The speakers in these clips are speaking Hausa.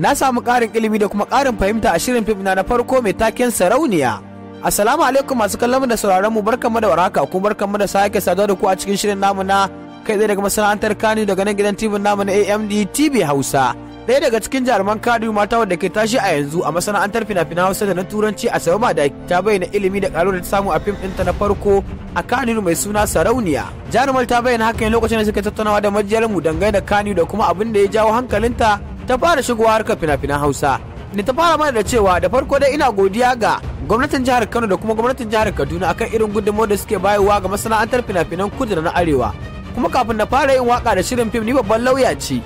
na samu ƙarin ilimi da kuma ƙarin fahimta a shirin fim na farko mai taken sarauniya assalamu alaikum masu kallon da sauraron mu barkanmu da warhaka kuma barkanmu da sake saduwa da ku a cikin shirin namu na kai tsaye daga masana'antar kano daga nan gidan tv namu na amd tv hausa ɗaya daga cikin jaruman kano mata wadda ke tashi a yanzu a masana'antar fina-finan hausa da na turanci a sababa da ta bayyana ilimi da ƙaruwar da ta samu a fim ta na farko a kano mai suna sarauniya jarumar ta bayyana haka lokacin da suka tattaunawa da majiyar mu dangane da kano da kuma abin da ya jawo hankalinta ta fara shigowa harkar fina-finan hausa Ni ta fara mana da cewa da farko dai ina godiya ga gwamnatin jihar kano da kuma gwamnatin jihar kaduna akan irin gudunmawar da suke bayarwa ga masana'antar fina-finan kudu da na arewa kuma kafin na fara yin waka da shirin fim ni babban lauya ce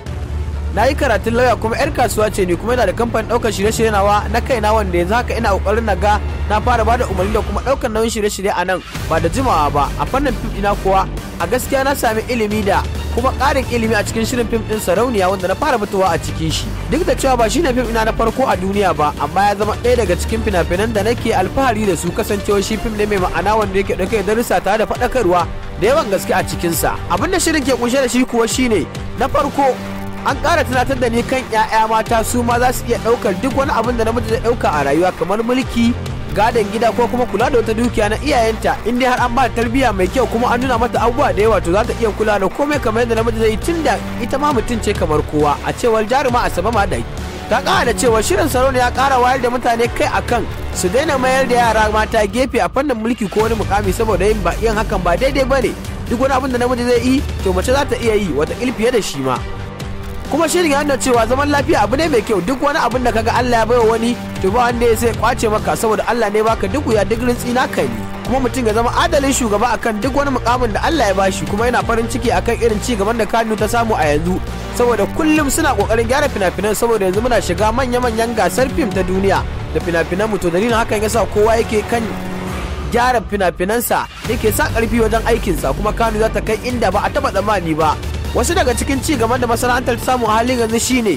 na yi karatun lauya kuma 'yar kasuwa ce ni kuma yana da kamfanin ɗaukar shirye-shirye nawa na kaina wanda yanzu haka ina ƙoƙarin na ga na fara ba da umarni da kuma ɗaukar nauyin shirye-shirye a nan ba da jimawa ba a fannin fim ɗina kuwa a gaskiya na sami ilimi da kuma ƙarin ilimi a cikin shirin fim ɗin sarauniya wanda na fara fitowa a cikin shi duk da cewa ba shine fim ina na farko a duniya ba amma ya zama ɗaya daga cikin fina-finan da nake alfahari da su kasancewa shi fim ne mai ma'ana wanda yake ɗauke da darussa tare da faɗakarwa da yawan gaske a cikinsa abin da shirin ke kunshe da shi kuwa shine na farko an ƙara tunatar da ni kan 'ya'ya mata su ma za su iya ɗaukar duk wani abin da namiji zai ɗauka a rayuwa kamar mulki gadon gida ko kuma kula da wata dukiya na iyayenta in dai har an ba ta tarbiyya mai kyau kuma an nuna mata abubuwa da yawa to za ta iya kula da komai kamar yadda namiji zai tun da ita ma mutum ce kamar kowa a cewar jaruma asabe da ta kara da cewa shirin sarone ya kara wayar da mutane kai a kan su daina mayar da yara mata gefe a fannin mulki ko wani mukami saboda yin ba hakan ba daidai bane duk wani abin da namiji zai yi to mace za ta iya yi wata fiye da shi ma kuma shirin ya nuna cewa zaman lafiya abu ne mai kyau duk wani abun da kaga Allah ya baiwa wani to ba wanda ya sai kwace maka saboda Allah ne baka duk wuya duk rintsi naka ne kuma mutum ya zama adalin shugaba akan duk wani mukamin da Allah ya bashi kuma yana farin ciki akan irin ci gaban da kanu ta samu a yanzu saboda kullum suna kokarin gyara fina-finan saboda yanzu muna shiga manya-manyan gasar fim ta duniya da fina-finan mu to dalilin hakan yasa kowa yake kan gyara fina-finansa yake sa karfi wajen aikinsa kuma kanu za ta kai inda ba a taba tsammani ba wasu daga cikin ci gaban da masana'antar samu a halin yanzu shine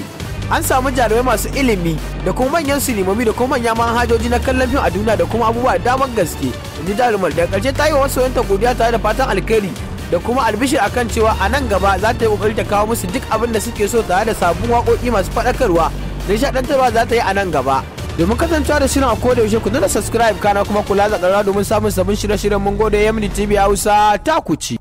an samu jarumai masu ilimi da kuma manyan sinimomi da kuma manyan manhajoji na kallon fim a duniya da kuma abubuwa da damar gaske inji jarumar daga karshe ta yi wa wasu yanta godiya tare da fatan alkhairi da kuma albishir akan cewa a nan gaba za ta yi kokari ta kawo musu duk abin da suke so tare da sabon waƙoƙi masu faɗakarwa da nishaɗantarwa za ta yi a nan gaba domin kasancewa da shirin a koda yaushe ku nuna subscribe kana kuma kula da ƙarara domin samun sabbin shirye-shiryen mun gode tv hausa ta ku ci